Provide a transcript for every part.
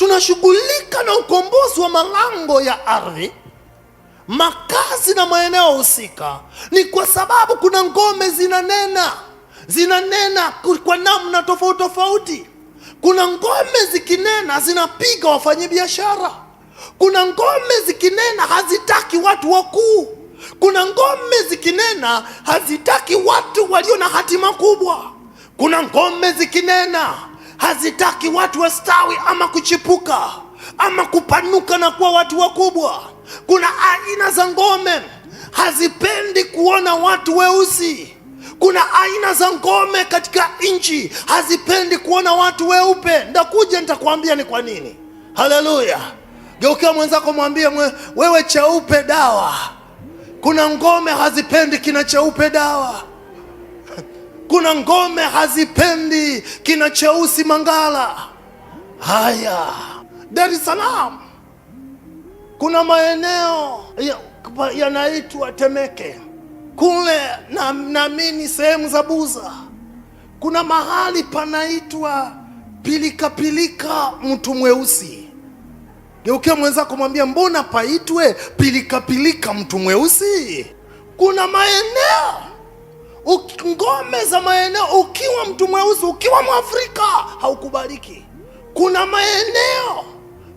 tunashughulika na ukombozi wa malango ya ardhi, makazi na maeneo husika, ni kwa sababu kuna ngome zinanena, zinanena kwa namna tofauti tofauti. Kuna ngome zikinena zinapiga wafanyabiashara, kuna ngome zikinena hazitaki watu wakuu, kuna ngome zikinena hazitaki watu walio na hatima kubwa, kuna ngome zikinena hazitaki watu wastawi ama kuchipuka ama kupanuka na kuwa watu wakubwa. Kuna aina za ngome hazipendi kuona watu weusi. Kuna aina za ngome katika nchi hazipendi kuona watu weupe. Ndakuja nitakwambia ni kwa nini. Haleluya! Geukia mwenzako mwambie, mwe, wewe cheupe dawa. Kuna ngome hazipendi kina cheupe dawa kuna ngome hazipendi kina cheusi Mangala. Haya, Dar es Salaam kuna maeneo yanaitwa ya Temeke kule, naamini na sehemu za Buza kuna mahali panaitwa pilikapilika mtu mweusi. Geukia mwenzako mwambia, mbona paitwe pilikapilika mtu mweusi? Kuna maeneo ngome za maeneo, ukiwa mtu mweusi, ukiwa Mwafrika haukubaliki. Kuna maeneo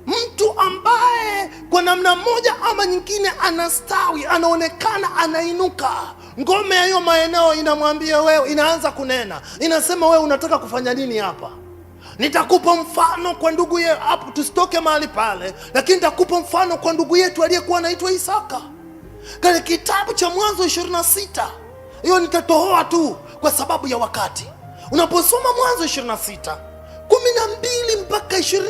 mtu ambaye kwa namna moja ama nyingine anastawi, anaonekana, anainuka, ngome ya hiyo maeneo inamwambia wewe, inaanza kunena, inasema wewe unataka kufanya nini hapa? Nitakupa mfano kwa ndugu ye hapo, tusitoke mahali pale, lakini nitakupa mfano kwa ndugu yetu aliyekuwa anaitwa Isaka katika kitabu cha Mwanzo sita hiyo nitatohoa tu kwa sababu ya wakati. Unaposoma Mwanzo 26 12 mpaka 24,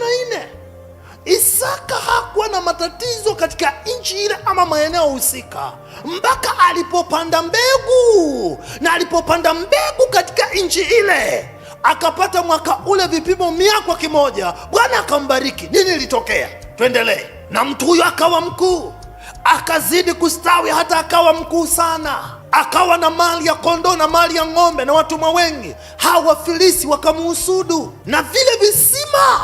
Isaka hakuwa na matatizo katika nchi ile ama maeneo husika mpaka alipopanda mbegu, na alipopanda mbegu katika nchi ile akapata mwaka ule vipimo mia kwa kimoja. Bwana akambariki. Nini ilitokea? Tuendelee. Na mtu huyo akawa mkuu, akazidi kustawi hata akawa mkuu sana akawa na mali ya kondoo na mali ya ng'ombe na watumwa wengi, Hawa Wafilisi wakamuhusudu. Na vile visima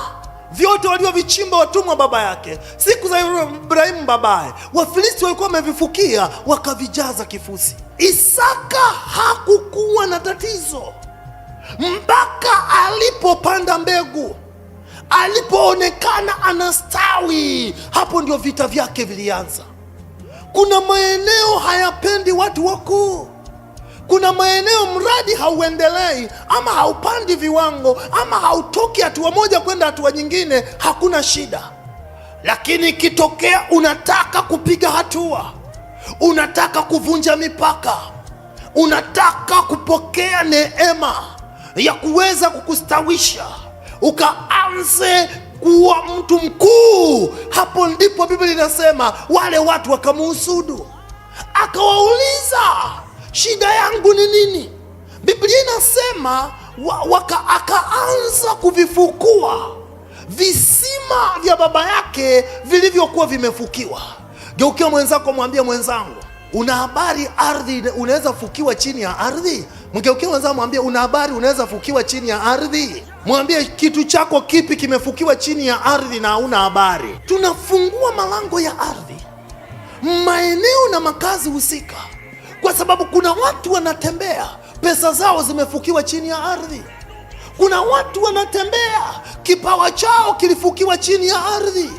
vyote waliovichimba watumwa baba yake siku za Ibrahimu babaye, Wafilisti walikuwa wamevifukia wakavijaza kifusi. Isaka hakukuwa na tatizo mpaka alipopanda mbegu, alipoonekana anastawi, hapo ndio vita vyake vilianza. Kuna maeneo haya watu wakuu. Kuna maeneo mradi hauendelei ama haupandi viwango ama hautoki hatua moja kwenda hatua nyingine, hakuna shida, lakini ikitokea unataka kupiga hatua, unataka kuvunja mipaka, unataka kupokea neema ya kuweza kukustawisha ukaanze kuwa mtu mkuu, hapo ndipo Biblia inasema wale watu wakamuhusudu akawauliza shida yangu ni nini? Biblia inasema waka, akaanza kuvifukua visima vya baba yake vilivyokuwa vimefukiwa. Geukia mwenzako, mwambie mwenzangu, una habari ardhi unaweza fukiwa chini ya ardhi? Mgeukia mwenzangu, mwambie una habari unaweza fukiwa chini ya ardhi. Mwambie kitu chako kipi kimefukiwa chini ya ardhi na hauna habari. Tunafungua malango ya ardhi maeneo na makazi husika, kwa sababu kuna watu wanatembea pesa zao zimefukiwa chini ya ardhi. Kuna watu wanatembea kipawa chao kilifukiwa chini ya ardhi.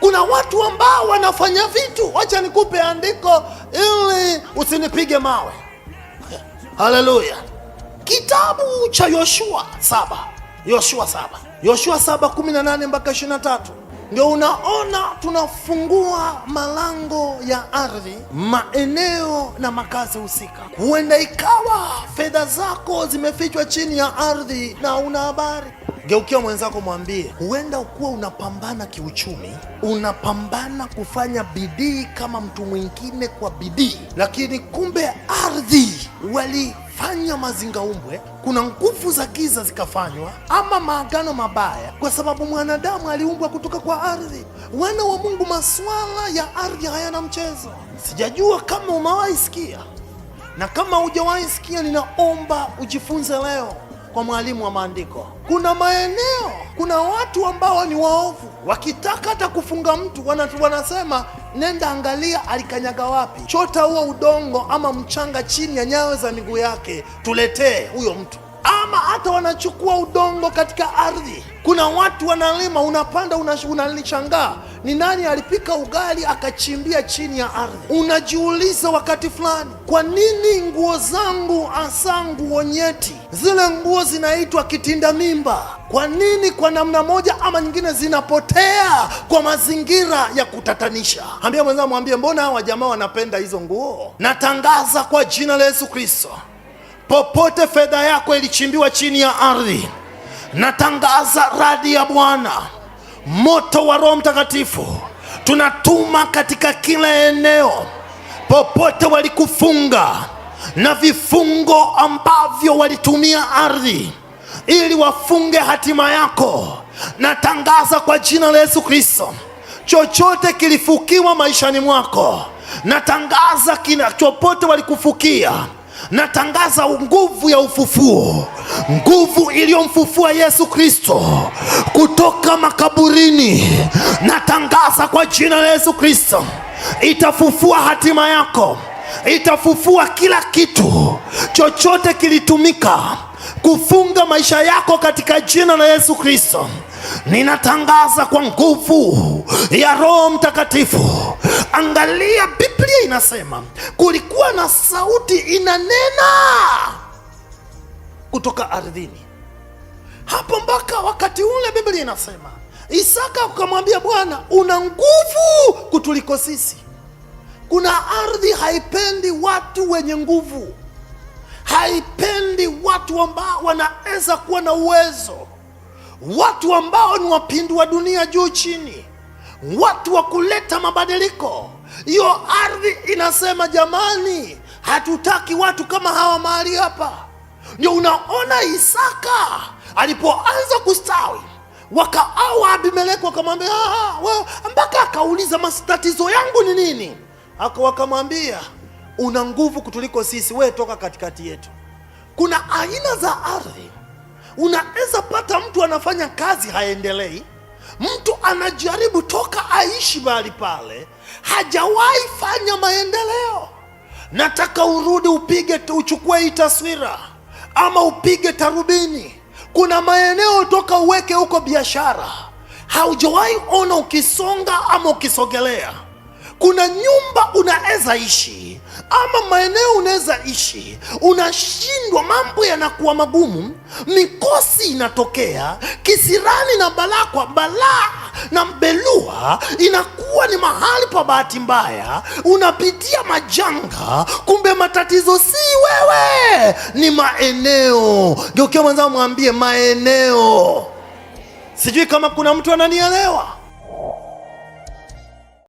Kuna watu ambao wanafanya vitu. Wacha nikupe andiko ili usinipige mawe. Haleluya! Kitabu cha Yoshua saba, Yoshua saba, Yoshua saba kumi na nane mpaka ishirini na tatu. Ndio unaona tunafungua malango ya ardhi, maeneo na makazi husika. Huenda ikawa fedha zako zimefichwa chini ya ardhi na una habari. Geukia mwenzako, mwambie huenda ukuwa unapambana kiuchumi, unapambana kufanya bidii kama mtu mwingine kwa bidii, lakini kumbe ardhi wali fanya mazingaumbwe, kuna nguvu za giza zikafanywa, ama maagano mabaya, kwa sababu mwanadamu aliumbwa kutoka kwa ardhi. Wana wa Mungu, maswala ya ardhi hayana mchezo. Sijajua kama umewahi sikia, na kama hujawahi sikia, ninaomba ujifunze leo kwa mwalimu wa maandiko. Kuna maeneo, kuna watu ambao ni waovu, wakitaka hata kufunga mtu wanasema nenda angalia, alikanyaga wapi, chota huo udongo ama mchanga chini ya nyayo za miguu yake, tuletee huyo mtu ama hata wanachukua udongo katika ardhi. Kuna watu wanalima, unapanda, unalishangaa ni nani alipika ugali akachimbia chini ya ardhi. Unajiuliza wakati fulani, kwa nini nguo zangu hasa nguo nyeti, zile nguo zinaitwa kitinda mimba, kwa nini kwa namna moja ama nyingine zinapotea kwa mazingira ya kutatanisha? Ambia mwenzao, mwambie, mbona hawa jamaa wanapenda hizo nguo? Natangaza kwa jina la Yesu Kristo popote fedha yako ilichimbiwa chini ya ardhi, natangaza radi ya Bwana, moto wa Roho Mtakatifu tunatuma katika kila eneo, popote walikufunga na vifungo ambavyo walitumia ardhi ili wafunge hatima yako, natangaza kwa jina la Yesu Kristo, chochote kilifukiwa maishani mwako, natangaza kina chopote walikufukia Natangaza nguvu ya ufufuo, nguvu iliyomfufua Yesu Kristo kutoka makaburini. Natangaza kwa jina la Yesu Kristo, itafufua hatima yako, itafufua kila kitu chochote kilitumika kufunga maisha yako katika jina la Yesu Kristo. Ninatangaza kwa nguvu ya Roho Mtakatifu Angalia, Biblia inasema kulikuwa na sauti inanena kutoka ardhini. Hapo mpaka wakati ule Biblia inasema Isaka ukamwambia Bwana, una nguvu kutuliko sisi. Kuna ardhi haipendi watu wenye nguvu, haipendi watu ambao wanaweza kuwa na uwezo, watu ambao ni wapindua dunia juu chini watu wa kuleta mabadiliko. Hiyo ardhi inasema jamani, hatutaki watu kama hawa mahali hapa. Ndio unaona Isaka alipoanza kustawi wakaawa Abimeleki wakamwambia ah, ah, mpaka akauliza matatizo yangu ni nini? ako Wakamwambia una nguvu kutuliko sisi, we toka katikati yetu. Kuna aina za ardhi, unaweza pata mtu anafanya kazi haendelei Mtu anajaribu toka aishi mahali pale, hajawahi fanya maendeleo. Nataka urudi upige, uchukue hii taswira ama upige tarubini. Kuna maeneo toka uweke huko biashara, haujawahi ona ukisonga ama ukisogelea. Kuna nyumba unaweza ishi ama maeneo unaweza ishi, unashindwa, mambo yanakuwa magumu, mikosi inatokea, kisirani na balakwa balaa na mbelua inakuwa ni mahali pa bahati mbaya, unapitia majanga, kumbe matatizo si wewe, ni maeneo. Geukia mwenzao mwambie maeneo. Sijui kama kuna mtu ananielewa.